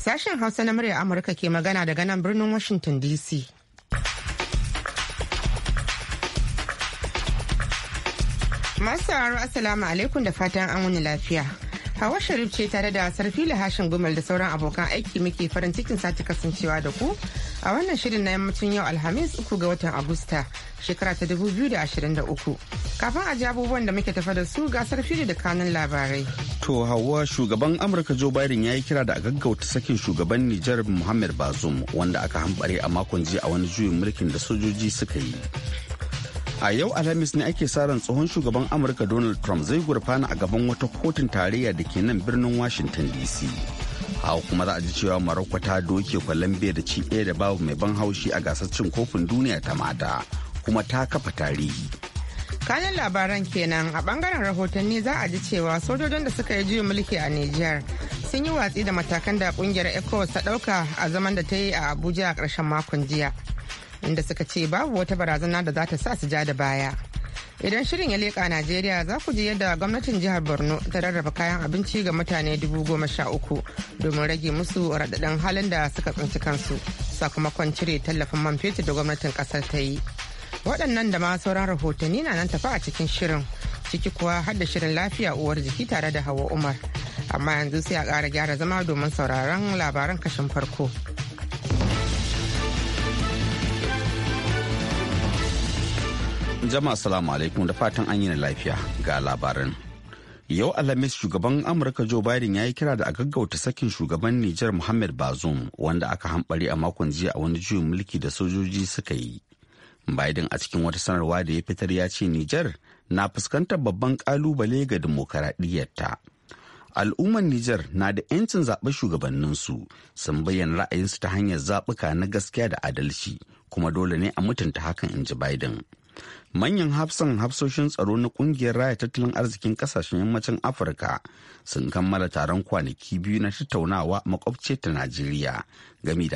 Sashen Hausa na murya Amurka ke magana daga nan birnin Washington DC. Masu sauraro Assalamu alaikum da fatan an wani lafiya. Hawa Sharif ce tare da Sarfila Hashin Gumal da sauran abokan aiki muke farin cikin sati kasancewa da ku a wannan shirin na yammacin yau Alhamis uku ga watan Agusta shekara ta 2023. Kafin a ji abubuwan da muke tafa da su ga Sarfila da kanun labarai. To Hawa shugaban Amurka Joe Biden ya yi kira da gaggauta sakin shugaban Nijar Muhammad Bazoum wanda aka hambare a makon jiya a wani juyin mulkin da sojoji suka yi. a yau alhamis ne ake sa ran tsohon shugaban amurka donald trump zai gurfana a gaban wata kotun tarayya da ke nan birnin washington dc a kuma za a ji cewa marokko ta doke colombia da ci ɗaya da babu mai ban haushi a gasar cin kofin duniya ta mata kuma ta kafa tarihi kanin labaran kenan a bangaren rahotanni za a ji cewa sojojin da suka yi juyin mulki a Nijar sun yi watsi da matakan da kungiyar ECOWAS ta dauka a zaman da ta yi a Abuja a karshen makon jiya. inda suka ce babu wata barazana da za ta sa su ja da baya. Idan shirin ya leƙa Najeriya za ku ji yadda gwamnatin jihar Borno ta rarraba kayan abinci ga mutane dubu goma sha uku domin rage musu raɗaɗin halin da suka tsinci kansu sakamakon cire tallafin man fetur da gwamnatin ƙasar ta yi. Waɗannan da ma sauran rahotanni na nan tafa a cikin shirin ciki kuwa har da shirin lafiya uwar jiki tare da Hawa Umar. Amma yanzu sai a ƙara gyara zama domin sauraron labaran kashin farko. Jama'a salamu alaikum da fatan an yi lafiya ga labarin Yau Alhamis shugaban Amurka Joe Biden ya yi kira da a gaggauta sakin shugaban Nijar Muhammad Bazoum wanda aka hambare a makon jiya a wani juyin mulki da sojoji suka yi. Biden a cikin wata sanarwa da ya fitar ya ce Nijar na fuskantar babban kalubale ga dimokuraɗiyyarta. Al'ummar Nijar na da 'yancin shugabannin shugabanninsu sun bayyana ra'ayinsu ta hanyar zaɓuka na gaskiya da adalci kuma dole ne a mutunta hakan in ji Biden. manyan hafsan hafsoshin tsaro na kungiyar raya tattalin arzikin kasashen yammacin afirka sun kammala taron kwanaki biyu na tattaunawa makwabce ta najeriya game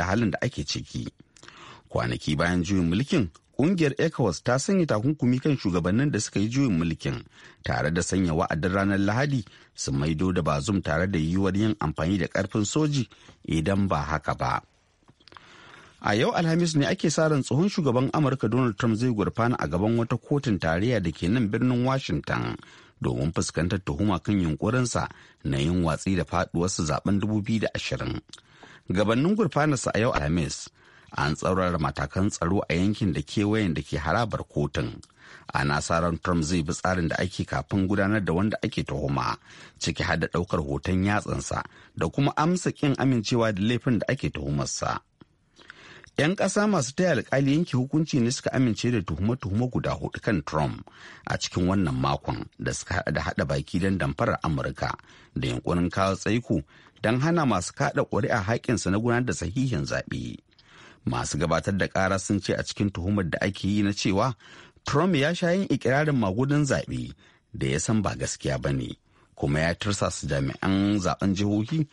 da halin da ake ciki kwanaki bayan juyin mulkin kungiyar ecowas ta sanya takunkumi kan shugabannin da suka yi juyin mulkin tare da sanya wa'adin ranar lahadi su maido da bazum tare da yiwuwar yin amfani da karfin soji idan ba haka ba. a yau alhamis ne ake sa ran tsohon shugaban amurka donald trump zai gurfana a gaban wata kotun tarayya da ke nan birnin washington domin fuskantar tuhuma kan yunkurinsa na yin watsi da faduwarsa zaben 2020 gabanin gurfanarsa a yau alhamis an tsaurara matakan tsaro a yankin da kewayen da ke harabar kotun ana sa ran trump zai bi tsarin da ake kafin gudanar da wanda ake tuhuma ciki har da daukar hoton yatsansa da kuma amsa kin amincewa da laifin da ake tuhumarsa 'Yan ƙasa masu taya alkali yanke hukunci ne suka amince da tuhuma-tuhuma guda hudu kan Trump a cikin wannan makon da suka haɗa da haɗa baki don damfarar Amurka da yankunan kawo tsaiko don hana masu kaɗa ƙuri'a haƙƙinsa na gudanar da sahihin zaɓe. Masu gabatar da ƙara sun ce a cikin tuhumar da ake yi na cewa Trump ya sha yin ikirarin magudan zaɓe da ya san ba gaskiya ba ne, kuma ya tursa su jami'an zaɓen jihohi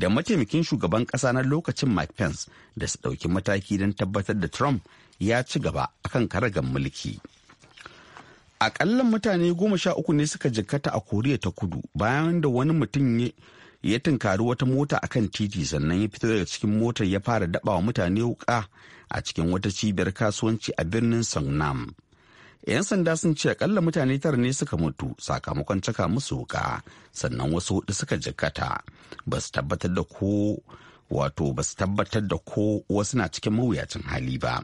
da mataimakin shugaban ƙasa na lokacin Mike Pence da su ɗauki mataki don tabbatar da Trump ya ci gaba akan karagan mulki. Akallan mutane goma sha uku ne suka jikkata a Koriya ta kudu bayan da wani mutum ya tunkari wata mota akan titi sannan ya fito daga cikin motar ya fara wa mutane wuƙa a cikin wata cibiyar kasuwanci a birnin Songnam. 'yan sanda sun ce akalla mutane tara ne suka mutu sakamakon caka musu wuka sannan wasu hudu suka jikkata ba su tabbatar da ko wato ba su tabbatar da ko wasu na cikin mawuyacin hali ba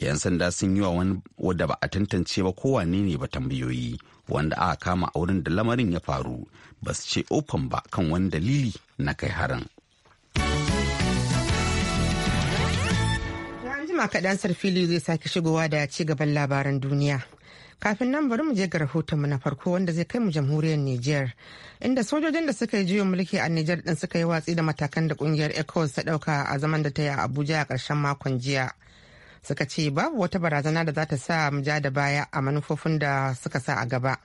'yan sanda sun yi wa wani wadda ba a tantance ba wane ne ba tambayoyi wanda aka kama a wurin da lamarin ya faru ba su ce open ba kan wani dalili na kai harin jima kaɗan sarfili zai sake shigowa da ci gaban labaran duniya. Kafin nan bari mu je ga rahotonmu na farko wanda zai kai mu jamhuriyar Nijar, inda sojojin da suka yi juyin mulki a Nijar ɗin suka yi watsi da matakan da ƙungiyar ecos ta ɗauka a zaman da ta yi a Abuja a karshen makon jiya. Suka ce babu wata barazana da za ta sa mu ja da baya a manufofin da suka sa a gaba.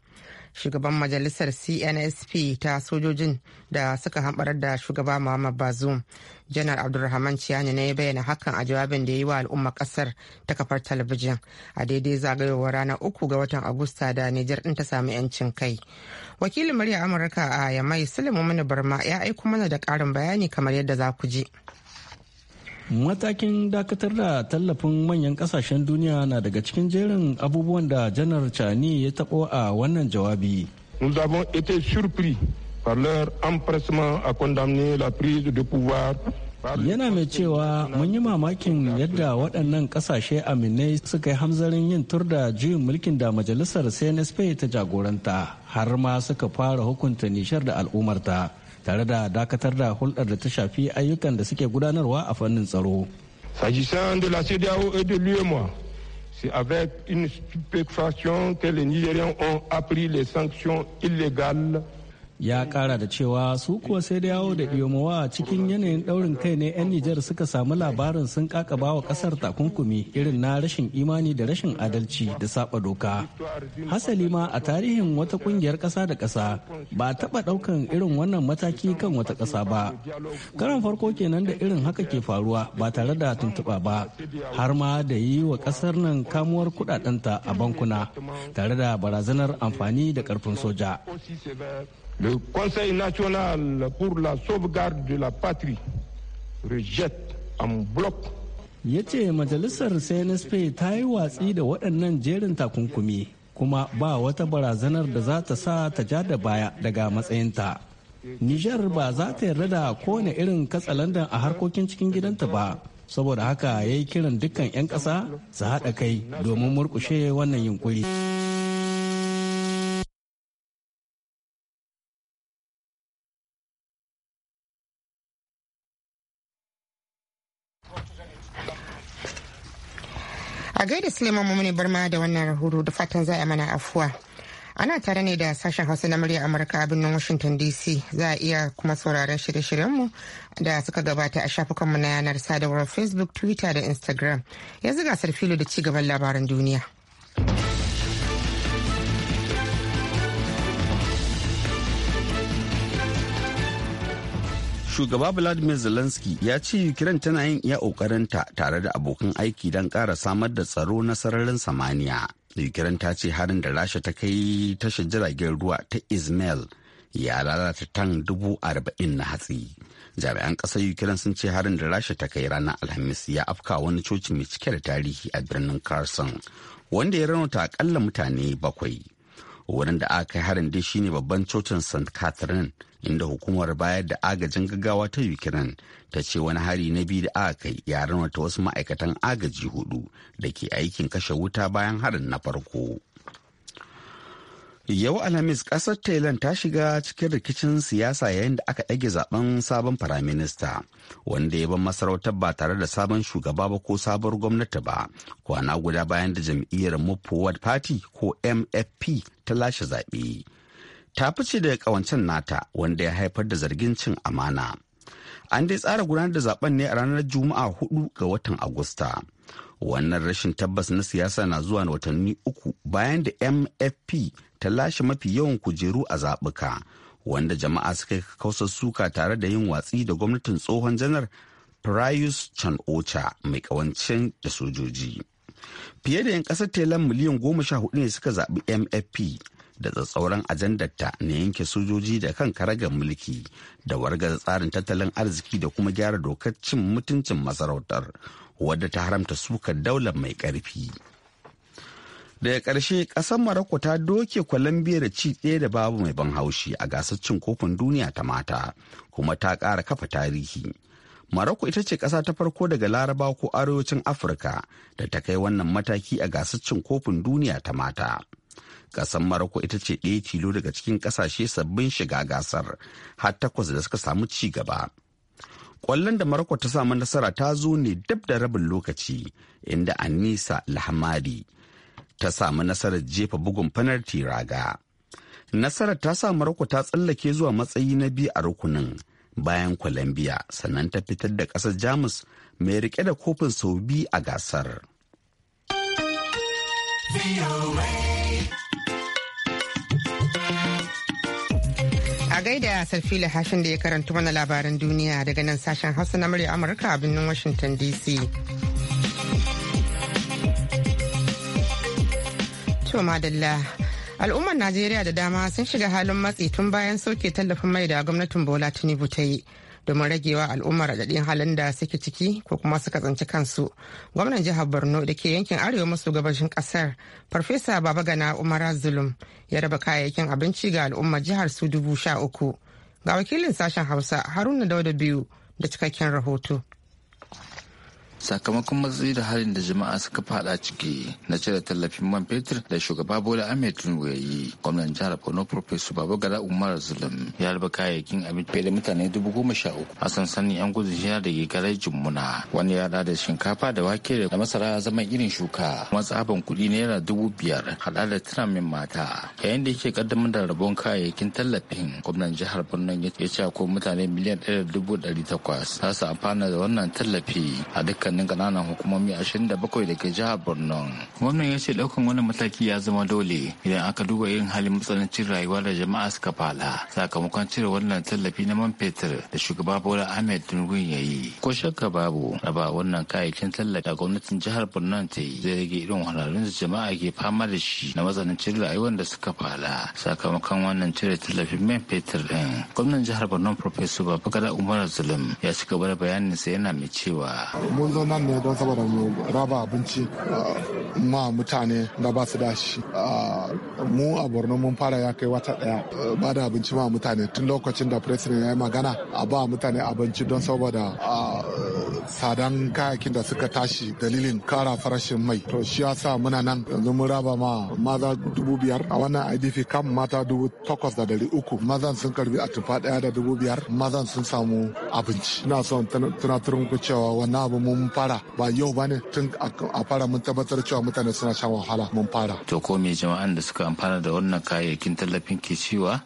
shugaban majalisar cnsp ta sojojin da suka hambarar da shugaba muhammad bazoum janar abdulrahman ciyani ne ya bayyana hakan a jawabin da ya yi wa al'umma kasar ta kafar talabijin a daidai zagayowar ranar uku ga watan agusta da nijar din ta sami yancin kai wakilin murya amurka a yamai sulemu barma ya aiko mana da karin bayani kamar yadda za ku ji matakin dakatar da tallafin manyan kasashen duniya na daga cikin jerin abubuwan da janar chani ya tabo a wannan jawabi nous avons été surpris par leur empressement à condamner la prise de pouvoir yana mai cewa mun yi mamakin yadda waɗannan ƙasashe aminai suka yi hamzarin yin tur da juyin mulkin da majalisar cnsp ta jagoranta har ma suka fara hukunta nishar da al'ummarta S'agissant de la CDAO et de l'UEMOA, c'est avec une stupéfaction que les Nigériens ont appris les sanctions illégales ya kara da cewa su kuwa sai da yawo da iyomowa cikin yanayin daurin kai ne 'yan nijar suka samu labarin sun kakaba wa kasar takunkumi irin na rashin imani da rashin adalci da saba doka hasali ma a tarihin wata kungiyar kasa da kasa ba taba daukan irin wannan mataki kan wata kasa ba karan farko kenan da irin haka ke faruwa ba tare da tuntuɓa ba har ma da yi wa kasar nan kamuwar kudadenta a bankuna tare da barazanar amfani da karfin soja Le Conseil national pour la sauvegarde de la patrie rejette en bloc ya ce majalisar CNSP ta yi watsi da waɗannan jerin takunkumi kuma ba wata barazanar da za ta sa ta ja da baya daga matsayinta. Nijar ba za ta yarda da kowane irin katsalandan a harkokin cikin gidanta ba, saboda haka ya yi kiran dukkan 'yan ƙasa su haɗa kai domin murƙushe wannan yunkuri. A gaida Suleiman mummuni Barma da wannan rahoto da fatan za a mana afuwa. Ana tare ne da sashen Hausa na murya Amurka a birnin Washington DC za a iya kuma sauraron shirye-shiryenmu da suka gabata a shafukanmu na yanar sadarwar Facebook, Twitter da Instagram. Yanzu gasar filo da ci gaban labaran duniya. shugaba vladimir zelensky ya ce ukraine tana yin iya ta tare da abokan aiki don ƙara samar da tsaro na sararin samaniya ukraine ta ce harin da rasha ta kai tashar jiragen ruwa ta Izmail ya lalata tan dubu arba'in na hatsi jami'an ƙasar ukraine sun ce harin da rasha ta kai ranar alhamis ya afka wani coci mai cike da tarihi a birnin carson wanda ya raunata akalla mutane bakwai wurin da aka kai harin dai shine babban cocin st catherine inda hukumar bayar da agajin gaggawa ta ukraine ta ce wani hari na biyu da aka kai ya ta wasu ma'aikatan agaji hudu da ke aikin kashe wuta bayan harin na farko. Yau Alhamis kasar Thailand ta shiga cikin rikicin siyasa yayin da aka ɗage zaben sabon firaminista wanda ya ban masarautar ba tare da sabon shugaba ba ko sabuwar gwamnati ba kwana guda bayan da jam'iyyar Forward Party ko MFP ta lashe zaɓe. Ta fice daga ƙawancen nata wanda ya haifar da zargin cin amana. An dai tsara gudanar da zaben ne a ranar Juma'a 4 ga watan Agusta. wannan rashin tabbas na siyasa na zuwa watanni uku bayan da mfp ta lashe mafi yawan kujeru a zaɓuka wanda jama'a suka yi suka tare da yin watsi da gwamnatin tsohon janar prius chan ocha mai kawancin da sojoji fiye da 'yan ƙasar telan miliyan goma sha hudu ne suka zaɓi mfp da tsatsauran ajandarta na yanke sojoji da kan karagar mulki da wargaza tsarin tattalin arziki da kuma gyara dokar cin mutuncin masarautar wadda ta haramta sukar daular mai ƙarfi. Daga ƙarshe ƙasar Maroko ta doke Colombia da ci ɗaya da babu mai ban haushi a gasar cin kofin duniya ta mata kuma ta ƙara kafa tarihi. Maroko ita ce ƙasa ta farko daga Laraba ko Arewacin Afirka da ta kai wannan mataki a gasar cin kofin duniya ta mata. ƙasar Maroko ita ce ɗaya tilo daga cikin ƙasashe sabbin shiga gasar har takwas da suka samu ci gaba Kwallon da Maroko ta samu nasara ta zo ne dab da rabin lokaci inda Anisa Lahmadi ta samu nasarar jefa bugun fanarti raga. Nasarar ta sa Maroko ta tsallake zuwa matsayi na biyu a rukunin bayan Colombia sannan ta fitar da ƙasar Jamus mai rike da kofin sau biyu a gasar. da sarfila hashin da ya karanta mana labaran duniya daga nan sashen hausa na murya amurka a birnin washington dc to madalla al'ummar najeriya da dama sun shiga halin matsi tun bayan soke tallafin mai da gwamnatin bola tinubu ta yi domin ragewa al'ummar raɗaɗin halin da suke ciki ko kuma suka tsinci kansu gwamnan jihar borno da ke yankin arewa maso gabashin ƙasar farfesa baba gana umara zulum ya raba kayayyakin abinci ga al'ummar jihar su dubu sha uku ga wakilin sashen hausa haruna dauda biyu da cikakken rahoto sakamakon matsayi da halin da jama'a suka fada ciki na cire tallafin man fetur da shugaba bola ahmed tinubu ya yi gwamnan jihar borno professor gada umar zulum ya harba kayayyakin abinci fiye da mutane dubu goma sha uku a sansanin yan gudun hijira da ke garai jimuna. wani ya da shinkafa da wake da masara zaman irin shuka kuma tsaban kuɗi naira dubu biyar haɗa da min mata yayin da yake kaddamar da rabon kayayyakin tallafin gwamnan jihar borno ya ce ko mutane miliyan ɗaya da dubu ɗari takwas za su amfana da wannan tallafi a dukkan shugabannin kananan hukumomi 27 da ke jihar borno gwamnan ya ce daukan wani mataki ya zama dole idan aka duba irin halin matsanancin rayuwa da jama'a suka fala sakamakon cire wannan tallafi na man fetur da shugaba bola ahmed tinubu ya yi ko shakka babu raba wannan kayayyakin tallafi a gwamnatin jihar borno ta yi zai rage irin wahalhalun da jama'a ke fama da shi na matsanancin rayuwar da suka fala sakamakon wannan cire tallafin man fetur din gwamnan jihar borno professor babakar umar zulum ya ci gaba da bayanin sa yana mai cewa mun zo zo nan ne don saboda mu raba abinci ma mutane da ba su da shi mu a borno mun fara ya kai wata daya ba da abinci ma mutane tun lokacin da president ya yi magana a ba mutane abinci don saboda tsadan kayakin da suka tashi dalilin kara farashin mai to shi yasa muna nan yanzu mun raba ma maza dubu biyar a wannan idp kan mata dubu takwas da dari uku mazan sun karbi a tufa daya da dubu biyar mazan sun samu abinci ina son tunatar muku cewa wannan abu mun fara ba yau ba ne tun a fara mun tabbatar cewa mutane suna shan wahala mun fara to ko me jama'an da suka amfana da wannan kayayyakin tallafin ke cewa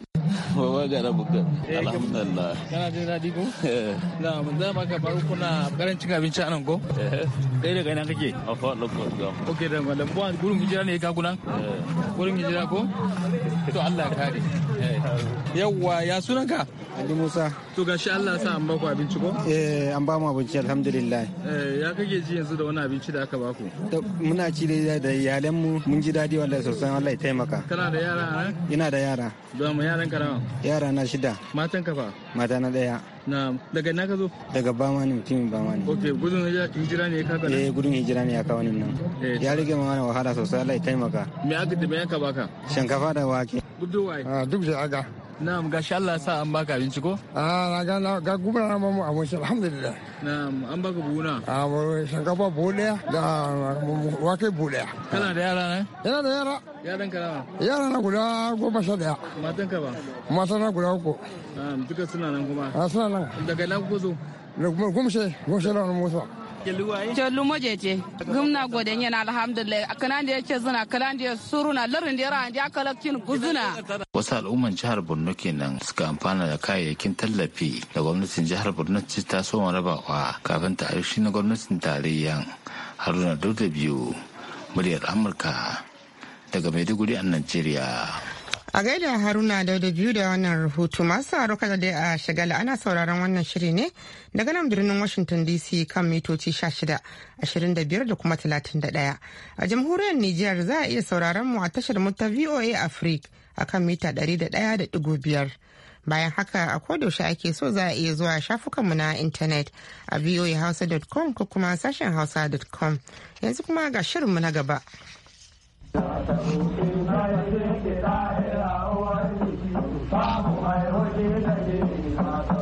Baba gara bugar. Eh, Alhamdulillah. Kana jin daɗi ko? Eh. Na, mun zama ka faru kuna karancin abinci anan ko eh, kai daga ina kake a fa ok da lambu gurin hijira ne ka kuna eh. gurin hijira ko to Allah ya kare eh. yawwa ya sunan ka Ali Musa to gashi Allah ya sa an baku abinci ko eh an ba mu abinci alhamdulillah eh ya kake ji yanzu da wani abinci da aka baku muna ci da iyalan mu mun ji dadi wallahi sosai ya taimaka kana da yara ina da yara da mu yaran karawa? yara na shida matan ka fa mata na daya na daga na ka zo daga bama ne mutumin bama ne okay gudun hijira ne ya kawo eh gudun hijira ne ya kawo nan eh. ya rage ma wani wahala sosai Allah ya taimaka me aka da me aka baka shinkafa da wake ah, duk da aga Na'am gashi Allah ya sa an baka abinci ko? Ah na ga na ga gumara mamu mu abinci alhamdulillah. Na'am an baka buhuna. Ah shinkafa shankafa daya da wake buhu daya. Kana da yara ne? Yana da yara. Yaran ka nawa? Yara na guda goma sha daya. Matan ka ba? Matan na guda uku. Na'am duka suna nan kuma. Ah suna nan. Daga ina kuka zo? kuma gumshe gumshe na wani Jolumo jeje. Gumna goden yana alhamdulillah. Akanan da yake zina, kalan da ya suruna, larin da ya ra'an aka lakin guzuna. Wasu al'umman jihar Borno kenan suka amfana da kayayyakin tallafi da gwamnatin jihar Borno ce ta so rabawa kafin ta shi na gwamnatin tarayyan Haruna Dauda biyu muryar Amurka daga Maiduguri a Najeriya. A gaida Haruna Dauda biyu da wannan rahoto masu haro kada dai a shagala ana sauraron wannan shiri ne daga nan birnin Washington DC kan mitoci 16, da kuma 31. A jamhuriyar Nijar za a iya sauraron mu a tashar mu ta VOA Africa a kan mita 101.5. Bayan haka a kodaushe ake so za a iya zuwa shafukanmu na intanet a voahausa.com ko kuma sashen hausa.com. Yanzu kuma ga shirinmu na gaba. Thank you.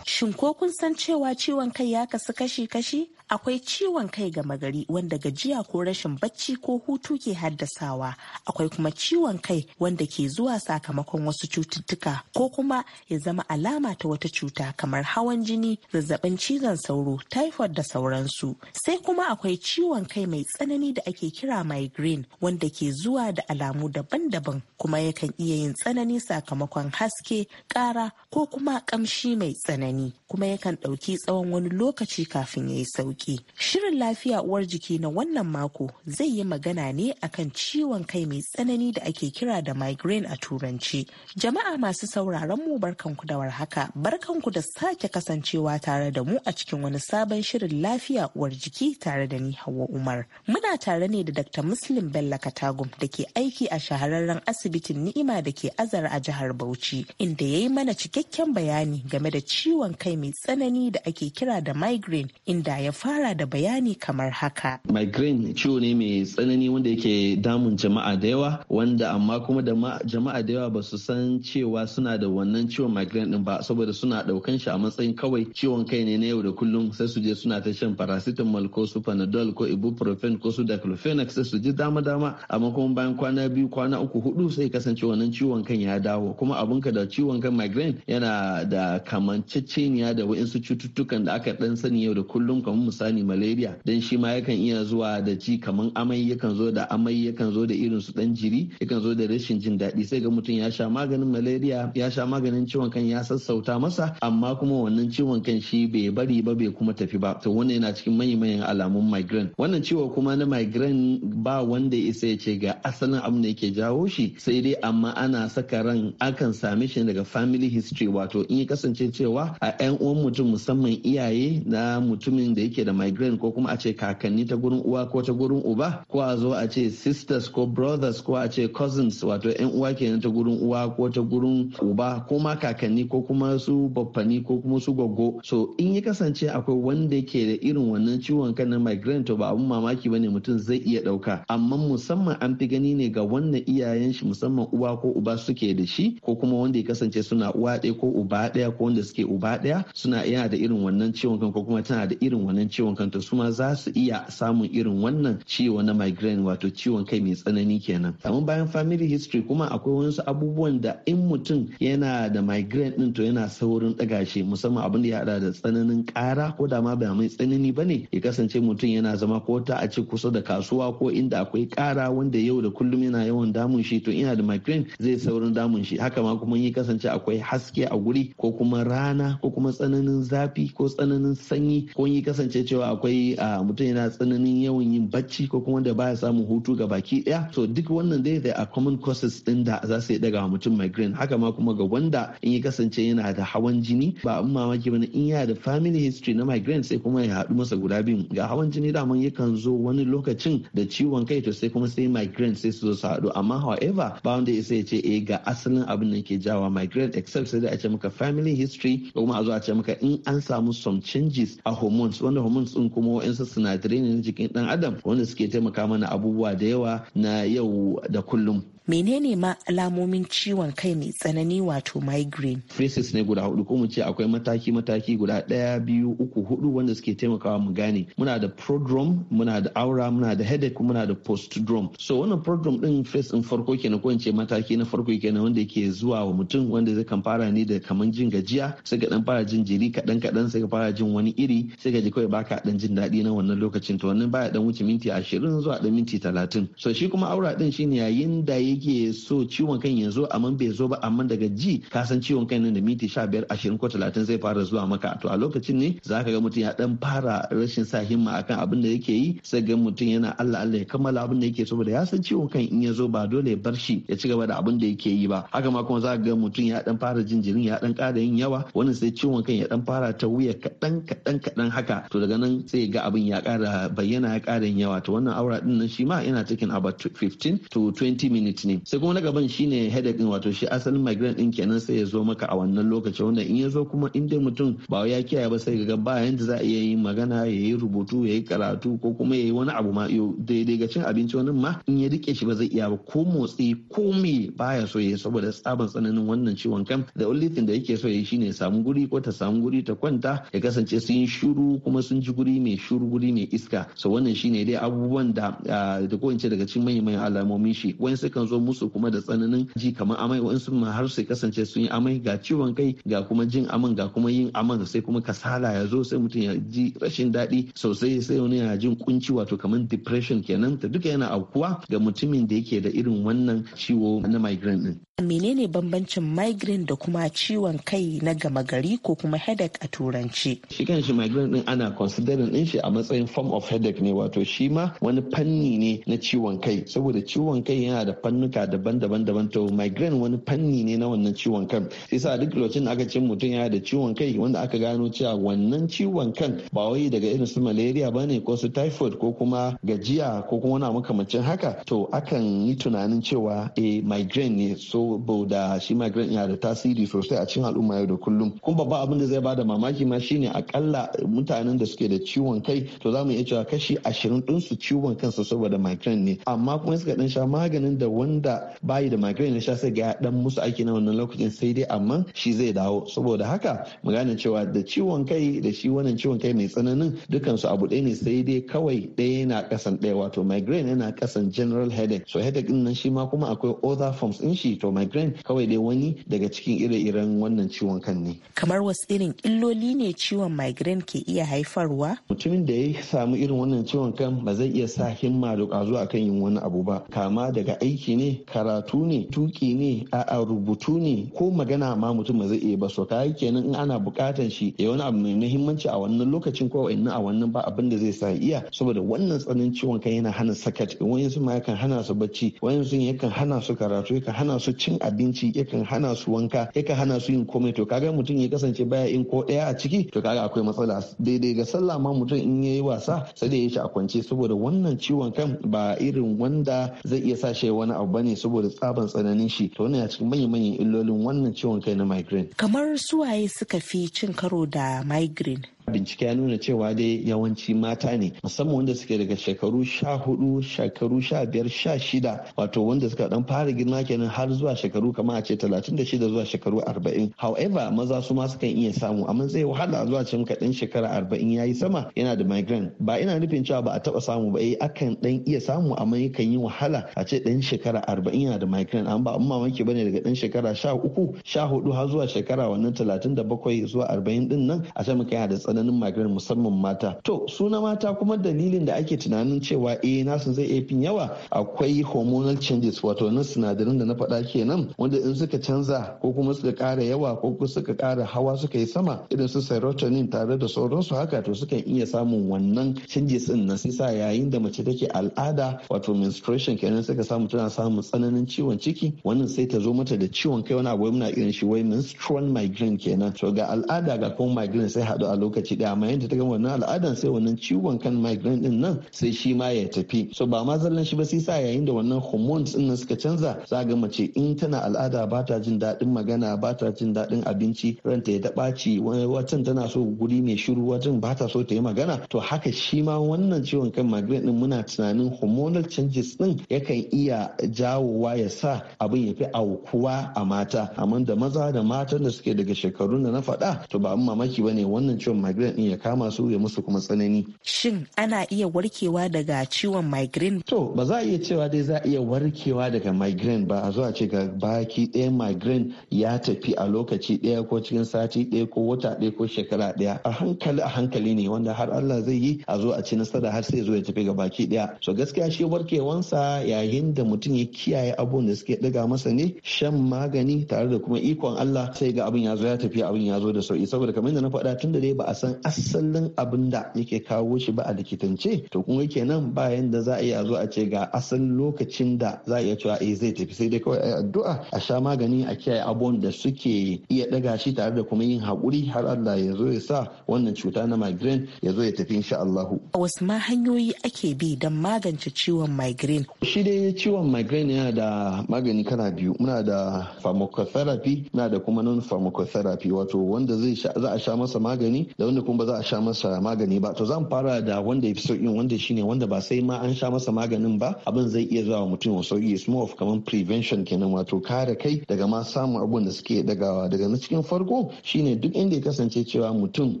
Shin ko kun san cewa ciwon kai ya kasu kashi-kashi? Akwai ciwon kai gama gari wanda gajiya ko rashin bacci ko hutu ke haddasawa. Akwai kuma ciwon kai wanda ke zuwa sakamakon wasu cututtuka ko kuma ya zama alama ta wata cuta kamar hawan jini, zazzabin cizon sauro, typhoid da sauransu. Sai kuma akwai ciwon kai mai tsanani da ake kira migraine wanda ke zuwa da alamu daban-daban kuma yakan iya yin tsanani sakamakon haske, ƙara ko kuma ƙamshi mai tsanani. kuma yakan ɗauki tsawon wani lokaci kafin ya yi sauki. Shirin lafiya uwar jiki na wannan mako zai yi magana ne akan ciwon kai mai tsanani da ake kira da migraine a turanci. Jama'a masu sauraron mu barkanku da warhaka, barkanku da sake kasancewa tare da mu a cikin wani sabon shirin lafiya uwar jiki tare da ni Hauwa Umar. Muna tare ne da Dr. Muslim Bello Katagum da ke aiki a shahararren asibitin Ni'ima da ke Azar a jihar Bauchi, inda ya yi mana cikakken bayani game da ciwon kai mai tsanani da ake kira da migraine inda ya fara da bayani kamar haka. Migraine ciwo ne mai tsanani wanda yake damun jama'a da yawa wanda amma kuma da jama'a da yawa ba su san cewa suna da wannan ciwon migraine din ba saboda suna daukan shi a matsayin kawai ciwon kai ne na yau da kullum sai su je suna ta shan paracetamol ko su panadol ko ibuprofen ko su diclofenac sai su ji dama dama amma kuma bayan kwana biyu kwana uku hudu sai kasance wannan ciwon kan ya dawo kuma abun ka da ciwon kan migraine yana da kamancece cuɗanya da waɗansu cututtukan da aka ɗan sani yau da kullum kamar misali malaria dan shi ma yakan iya zuwa da ji kamar amai yakan zo da amai yakan zo da irin su ɗan jiri yakan zo da rashin jin daɗi sai ga mutum ya sha maganin malaria ya sha maganin ciwon kan ya sassauta masa amma kuma wannan ciwon kan shi bai bari ba bai kuma tafi ba to wannan yana cikin manyan alamun migraine wannan ciwo kuma na migraine ba wanda isa ya ce ga asalin abin da yake jawo shi sai dai amma ana saka ran akan same shi daga family history wato in ya kasance cewa a 'yan uwan mutum musamman iyaye na mutumin da yake da migraine ko kuma a ce kakanni ta gurin uwa ko ta gurin uba ko a zo a ce sisters ko brothers ko a ce cousins wato 'yan uwa kenan ta gurin uwa ko ta gurin uba ko ma kakanni ko kuma su baffani ko kuma su goggo so in ya kasance akwai wanda ke da irin wannan ciwon kan na migraine to ba abun mamaki bane mutum zai iya dauka amma musamman an fi gani ne ga wannan iyayen shi musamman uwa ko uba suke da shi ko kuma wanda ya kasance suna uwa ɗaya ko uba ɗaya ko wanda suke uba daya suna iya da irin wannan ciwon kan ko kuma tana da irin wannan ciwon ta su ma za su iya samun irin wannan ciwo na migraine wato ciwon kai mai tsanani kenan amma bayan family history kuma akwai wasu abubuwan da in mutum yana da migraine din to yana saurin ɗaga shi musamman abin da ya hada da tsananin kara ko da ma ba mai tsanani ba ne ya kasance mutum yana zama ko ta a ce kusa da kasuwa ko inda akwai kara wanda yau da kullum yana yawan damun shi to ina da migraine zai saurin damun shi haka ma kuma ya kasance akwai haske a guri ko kuma rana ko kuma tsananin zafi ko tsananin sanyi ko yi kasance cewa akwai a mutum yana tsananin yawan yin bacci ko kuma da baya samun hutu ga baki daya to duk wannan dai da a common causes din da za su daga mutum migraine haka ma kuma ga wanda in ya kasance yana da hawan jini ba in mamaki bane in yana da family history na migraine sai kuma ya haɗu masa guda biyu ga hawan jini daman yakan zo wani lokacin da ciwon kai to sai kuma sai migraine sai su zo su haɗu amma however ba wanda ya sai ce eh ga asalin abin da ke jawa migraine except sai da a ce maka family history ko kuma a zo a ce maka in an samu some changes a hormones wanda hormones din kuma wa'insu sinadarai ne na jikin dan adam wanda suke taimaka mana abubuwa da yawa na yau da kullum menene ma alamomin ciwon kai mai tsanani wato migraine phrases ne guda hudu ko mu ce akwai mataki mataki guda daya biyu uku hudu wanda suke taimakawa mu gane muna da prodrome muna da aura muna da headache muna da postdrome so wannan prodrome din phrase din farko kenan ko in ce mataki na farko kenan wanda yake zuwa wa mutum wanda zai kan fara ne da kaman jin gajiya sai ga dan fara jin jiri kaɗan kaɗan sai ka fara jin wani iri sai ka ji kawai baka ɗan jin daɗi na wannan lokacin to wannan baya ɗan wuce minti ashirin zuwa ɗan minti talatin so shi kuma aura din shine yayin da yake so ciwon kan ya zo amma bai zo ba amma daga ji ka san ciwon kan nan da minti sha biyar ashirin ko talatin zai fara zuwa maka to a lokacin ne za ka ga mutum ya ɗan fara rashin sa himma akan abin da yake yi sai ga mutum yana Allah Allah ya kammala abin da yake saboda ya san ciwon kan in ya zo ba dole ya bar shi ya ci gaba da abin da yake yi ba haka ma kuma za ka ga mutum ya dan fara jin jirin ya ɗan ƙara yin yawa wani sai ciwon kan ya dan fara ta wuya kaɗan kaɗan kaɗan haka to daga nan sai ga abin ya kara bayyana ya kara yawa to wannan aura din nan shi ma yana cikin about 15 to 20 minutes ne sai kuma na gaban shine headache din wato shi asalin migraine din kenan sai ya zo maka a wannan lokaci wanda in ya zo kuma in dai mutum ba ya kiyaye ba sai ga ba yanda za a iya yin magana ya yi rubutu ya yi karatu ko kuma ya yi wani abu ma daidai ga cin abinci wani ma in ya rike shi ba zai iya ba ko motsi ko me baya so ya saboda sabon tsananin wannan ciwon kan da only thing da yake so ya yi shine ya samu guri ko ta samu guri ta kwanta ya kasance sun yi shuru kuma sun ji guri mai shuru guri mai iska so wannan shine dai abubuwan da ah, da ko daga cikin manyan manyan alamomin shi wani sukan zo musu kuma da tsananin ji kamar amai wani sun har su kasance sun yi amai ga ciwon kai ga kuma jin aman ga kuma yin aman sai kuma kasala ya zo sai mutum ya ji rashin daɗi sosai sai wani yana jin kunci wato kamar depression kenan ta duka yana aukuwa ga mutumin da yake da irin wannan ciwo na migraine din menene bambancin migraine da kuma ciwon kai na gama gari ko kuma headache a turanci shi kan shi migraine din ana considering din shi a matsayin form of headache ne wato shi ma wani fanni ne na ciwon kai saboda ciwon kai yana da fannuka daban-daban daban to migraine wani fanni ne na wannan ciwon kan sai sa duk lokacin da aka ce mutum yana da ciwon kai wanda aka gano cewa wannan ciwon kan ba wai daga irin su malaria bane ko su typhoid ko kuma gajiya ko kuma wani makamancin haka to akan yi tunanin cewa eh migraine ne so da shi migrant yana da tasiri sosai a cikin al'umma yau da kullum kuma babba abin da zai bada mamaki ma shine akalla mutanen da suke da ciwon kai to zamu iya cewa kashi ashirin din su ciwon kansu saboda migrant ne amma kuma suka dan sha maganin da wanda bayi da migrant ya sha sai ga dan musu aiki na wannan lokacin sai dai amma shi zai dawo saboda haka mu gane cewa da ciwon kai da shi wannan ciwon kai mai tsananin dukkan su abu ɗaya ne sai dai kawai ɗaya yana kasan ɗaya wato migraine yana kasan general headache so headache din nan shi ma kuma akwai other forms in shi to migraine kawai dai wani daga cikin ire-iren wannan ciwon kan ne kamar wasu irin illoli ne ciwon migraine ke iya haifarwa mutumin da ya samu irin wannan ciwon kan ba zai iya sa himma da ƙwazo akan yin wani abu ba kama daga aiki ne karatu ne tuki ne a'a rubutu ne ko magana ma mutum ba zai iya ba so yi kenan in ana buƙatan shi ya wani abu mai muhimmanci a wannan lokacin ko wa'in a wannan ba abin da zai sa iya saboda wannan tsananin ciwon kan yana hana sakat wayansu ma yakan hana su bacci wayansu yakan hana su karatu yakan hana su ci. cin abinci yakan hana su wanka yakan hana su yin komai to kaga mutum ya kasance baya in ko daya a ciki to kaga akwai matsala daidai ga sallah ma mutum in yayi wasa sai da ya shi a kwance saboda wannan ciwon kan ba irin wanda zai iya sa shi wani abu bane saboda tsaban tsananin shi to wannan ya cikin manyan manyan illolin wannan ciwon kai na migraine kamar suwaye suka fi cin karo da migraine bincike ya nuna cewa dai yawanci mata ne musamman wanda suke daga shekaru sha hudu shekaru sha biyar sha shida wato wanda suka dan fara girma kenan har zuwa shekaru kama a ce talatin da shida zuwa shekaru arba'in however maza su ma sukan iya samu amma zai wahala zuwa ce muka dan shekara arba'in ya yi sama yana da migraine ba ina nufin cewa ba a taba samu ba eh akan dan iya samu amma yakan yi wahala a ce dan shekara arba'in yana da migraine amma ba amma ba bane daga dan shekara sha uku sha hudu har zuwa shekara wannan talatin da bakwai zuwa arba'in din nan a ce muka yana da tsananin migraine musamman mata to suna mata kuma dalilin da ake tunanin cewa eh nasu zai iya fin yawa akwai hormonal changes wato na sinadarin da na faɗa kenan wanda in suka canza ko kuma suka ƙara yawa ko kuma suka ƙara hawa suka yi sama irin su serotonin tare da sauransu haka to sukan iya samun wannan changes din na sisa yayin da mace take al'ada wato menstruation kenan suka samu tana samun tsananin ciwon ciki wannan sai ta zo mata da ciwon kai wani abu muna irin shi wai menstrual migraine kenan to ga al'ada ga kuma migraine sai haɗu a lokacin kiɗa amma yadda ta gama wannan al'adan sai wannan ciwon kan migraine din nan sai shi ma ya tafi so ba ma zallan shi ba sai sa yayin da wannan hormones din nan suka canza za ga mace in tana al'ada ba ta jin daɗin magana ba ta jin daɗin abinci ranta ya daɓaci watan tana so guri mai shiru watan ba ta so ta yi magana to haka shi ma wannan ciwon kan migraine din muna tunanin hormonal changes din yakan iya jawowa ya sa abin ya fi aukuwa a mata amma da maza da matan da suke daga shekarun da na faɗa to ba mamaki ba ne wannan ciwon migraine din ya kama su ya musu kuma tsanani shin ana iya warkewa daga ciwon migraine to ba za a iya cewa dai za a iya warkewa daga migraine ba a zuwa ce ga baki ɗaya migraine ya tafi a lokaci ɗaya ko cikin sati ɗaya ko wata ɗaya ko shekara ɗaya a hankali a hankali ne wanda har Allah zai yi a zo a ci nasara har sai zo ya tafi ga baki ɗaya so gaskiya shi warkewansa yayin da mutum ya kiyaye abun da suke ɗaga masa ne shan magani tare da kuma ikon Allah sai ga abin ya zo ya tafi abin ya zo da sauki saboda kamar yadda na faɗa tun da dai ba a san asalin abin da yake kawo shi ba a likitance to kuma kenan ba yanda za a iya zo a ce ga asalin lokacin da za a iya cewa eh zai tafi sai dai kawai a addu'a a sha magani a kiyaye abubuwan da suke iya ɗaga shi tare da kuma yin haƙuri har Allah ya zo ya sa wannan cuta na migraine ya zo ya tafi insha Allah. Wasu ma hanyoyi ake bi don magance ciwon migraine. Shi dai ciwon migraine yana da magani kala biyu muna da pharmacotherapy muna da kuma non pharmacotherapy wato wanda zai za a sha masa magani da da wanda kuma ba za a sha masa magani ba to zan fara da wanda ya fi sauƙin wanda shine wanda ba sai ma an sha masa maganin ba abin zai iya zuwa mutum wa sauƙi is more of kamar prevention kenan wato kare kai daga ma samun abun da suke dagawa daga na cikin farko shine duk inda ya kasance cewa mutum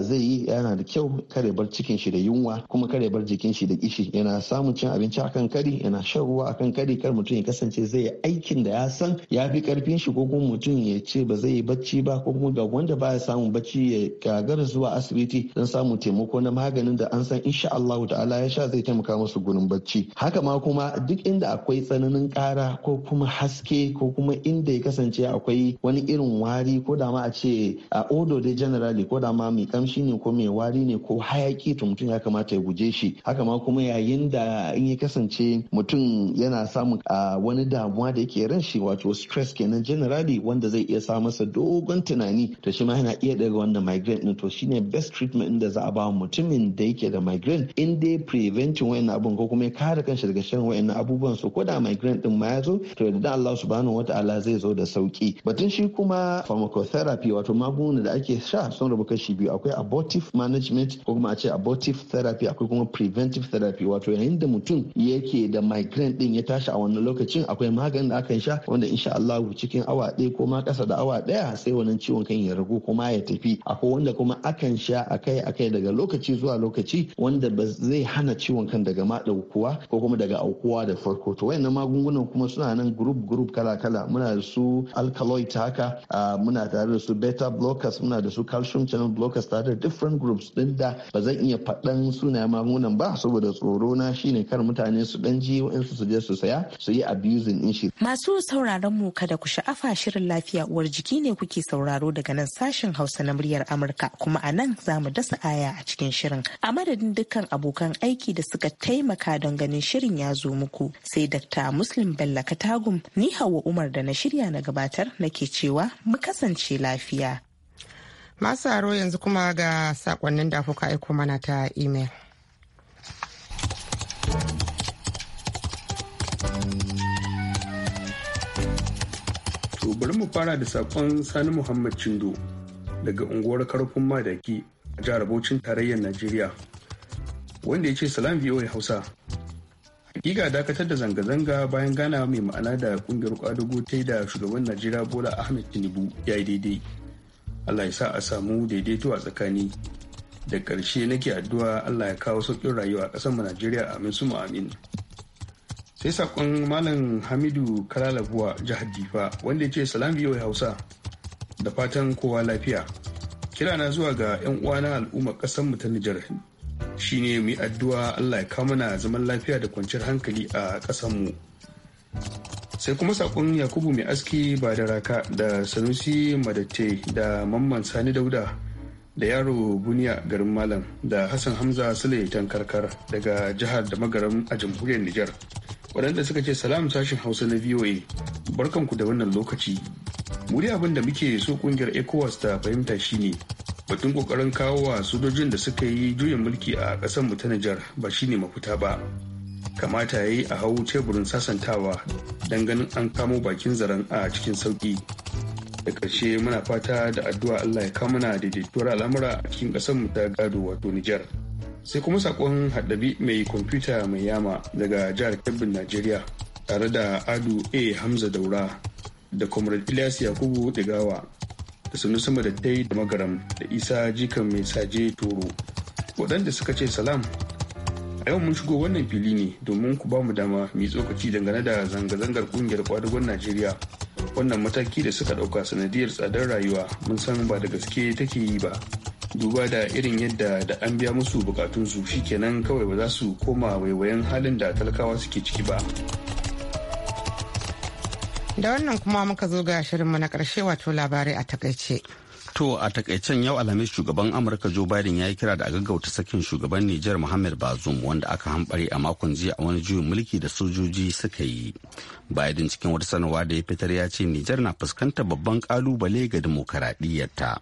zai yi yana da kyau kare bar cikin shi da yunwa kuma kare bar jikin shi da kishi yana samun cin abinci akan kari yana shan ruwa akan kari kar mutum ya kasance zai yi aikin da ya san ya fi karfin shi ko kuma mutum ya ce ba zai yi bacci ba ko kuma ga wanda baya samun bacci ya gagara zuwa asibiti don samun taimako na maganin da an san insha Allahu ta'ala ya sha zai taimaka musu gurin bacci haka ma kuma duk inda akwai tsananin kara ko kuma haske ko kuma inda ya kasance akwai wani irin wari ko da ma a ce a odo dai generally ko da ma mai kamshi ne ko mai wari ne ko hayaki to mutum ya kamata ya guje shi haka ma kuma yayin da in ya kasance mutum yana samun wani damuwa da yake ran shi wato stress kenan generally wanda zai iya sa masa dogon tunani to shi ma yana iya daga wannan migraine din to shine best treatment inda za a ba mutumin da yake da migraine in dai preventing wayan abun ko kuma ya kare kanshi daga shan wayan abubuwan su koda da migraine din ma ya to da Allah subhanahu wataala zai zo da sauki batun shi kuma pharmacotherapy wato magunguna da ake sha sun rabu kashi biyu akwai abortive management ko kuma a ce abortive therapy akwai kuma preventive therapy wato yayin da mutum yake da migraine din ya tashi a wannan lokacin akwai maganin da akan sha wanda insha Allah cikin awa ɗaya ko ma ƙasa da awa ɗaya sai wannan ciwon kan ya ragu kuma ya tafi akwai wanda kuma akan sha akai-akai daga lokaci zuwa lokaci wanda ba zai hana ciwon kan daga ma ko kuma daga aukuwa da farko to wayannan magungunan kuma suna nan group group kala-kala muna da su alkaloid haka muna tare da su beta blockers muna da su calcium channel blockers tare da different groups din da ba zan iya faɗan sunayen magungunan ba saboda tsoro na shine kar mutane su dan ji wa'ansu su je su saya su yi abusing din shi masu sauraron mu kada ku sha'afa shirin lafiya uwar jiki ne kuke sauraro daga nan sashen Hausa na muryar Amurka kuma a nan za mu dasa aya a cikin shirin. A madadin dukkan abokan aiki da suka taimaka don ganin shirin ya zo muku sai Dakta Muslim Bello Katagum ni Hauwa Umar da na shirya na gabatar nake cewa mu kasance lafiya. Masu aro yanzu kuma ga sakonnin da kuka aiko mana ta imel. bari mu fara da sakon Sani Muhammad Chindo. daga unguwar karfin madaki a jihar Bauchin tarayyar Najeriya wanda ya ce salam VOA Hausa. Hakika dakatar da zanga-zanga bayan gana mai ma'ana da kungiyar kwadugo ta da shugaban Najeriya Bola Ahmed Tinubu ya yi daidai. Allah ya sa a samu daidaito a tsakani. Da ƙarshe nake addu'a Allah ya kawo sauƙin rayuwa a ƙasar Najeriya amin su amin. Sai saƙon Malam Hamidu Kalalabuwa jihar Difa wanda ya ce salam VOA Hausa. da fatan kowa lafiya kira na zuwa ga 'yan uwana al'ummar ƙasar mu ta Nijar shine mu yi addu'a Allah ya kawo mana zaman lafiya da kwanciyar hankali a ƙasar mu sai kuma sakon Yakubu mai aski ba da raka da Sanusi Madatte da Mamman Sani Dauda da yaro Buniya garin Malam da Hassan Hamza Sule Tankarkar daga jihar da magaram a jamhuriyar Nijar waɗanda suka ce salam sashin Hausa na VOA barkanku da wannan lokaci wuri abin da muke so kungiyar ecowas ta fahimta shine batun kokarin kawo wa sojojin da suka yi juyin mulki a ƙasar mu ta Nijar ba shine mafuta ba kamata ya yi a hau teburin sasantawa don ganin an kamo bakin zaren a cikin sauki da ƙarshe muna fata da addu'a Allah ya kamuna daidaituwar al'amura a cikin ƙasar mu ta gado wato Nijar sai kuma sakon haddabi mai kwamfuta mai yama daga jihar Kebbin Najeriya tare da Adu A Hamza Daura da comrade ilyas yakubu digawa da sunu sama da tai da magaram da isa jikan mai saje toro waɗanda suka ce salam a yau mun shigo wannan fili ne domin ku ba mu dama mai tsokaci dangane da zanga-zangar kungiyar kwadugon najeriya wannan mataki da suka ɗauka sanadiyar tsadar rayuwa mun san ba da gaske take yi ba duba da irin yadda da an biya musu bukatunsu shikenan kawai ba za su koma waiwayen halin da talakawa suke ciki ba da wannan kuma muka zo ga shirinmu na karshe wato labarai a takaice To a takaicen yau alhamis shugaban Amurka Joe Biden ya yi kira da gaggauta sakin shugaban Nijar Muhammad Bazoum wanda aka hambare a makon jiya a wani juyin mulki da sojoji suka yi. Biden cikin wata sanarwa da ya fitar ya ce Nijar na fuskantar babban kalubale ga dimokuraɗiyyarta.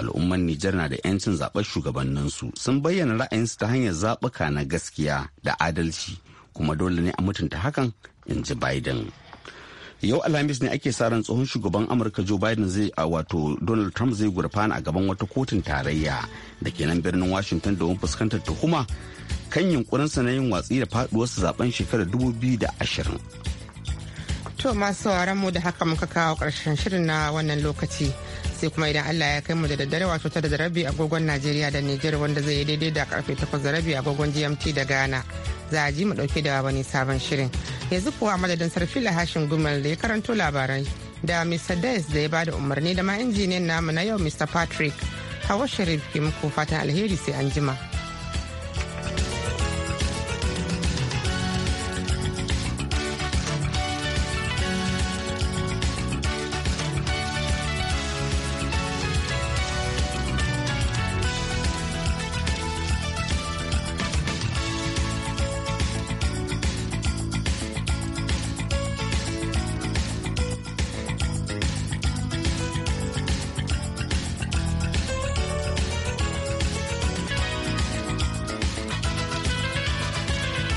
Al'umman Nijar na da 'yancin zaɓar shugabanninsu sun bayyana ra'ayinsu ta hanyar zaɓuka na gaskiya da adalci kuma dole ne a mutunta hakan in ji Biden. yau alhamis ne ake sa ran tsohon shugaban amurka joe biden zai a wato donald trump zai gurfana a gaban wata kotun tarayya da ke nan birnin washington domin fuskantar tuhuma kan yunkurin sa na yin watsi da faduwarsa zaben shekarar 2020 to masu mu da haka muka kawo karshen shirin na wannan lokaci sai kuma idan Allah ya kai mu da daddare wato ta da rabi agogon Najeriya da niger wanda zai yi daidai da karfe takwas da rabi agogon GMT da Ghana za a ji mu dauke da wani sabon shirin yanzu kuwa madadin la hashin gumel da ya karanto labarai da mr des da ya bada umarni da ma injiniyan namu na yau mr patrick hawa sharif ke muku fatan alheri sai an jima.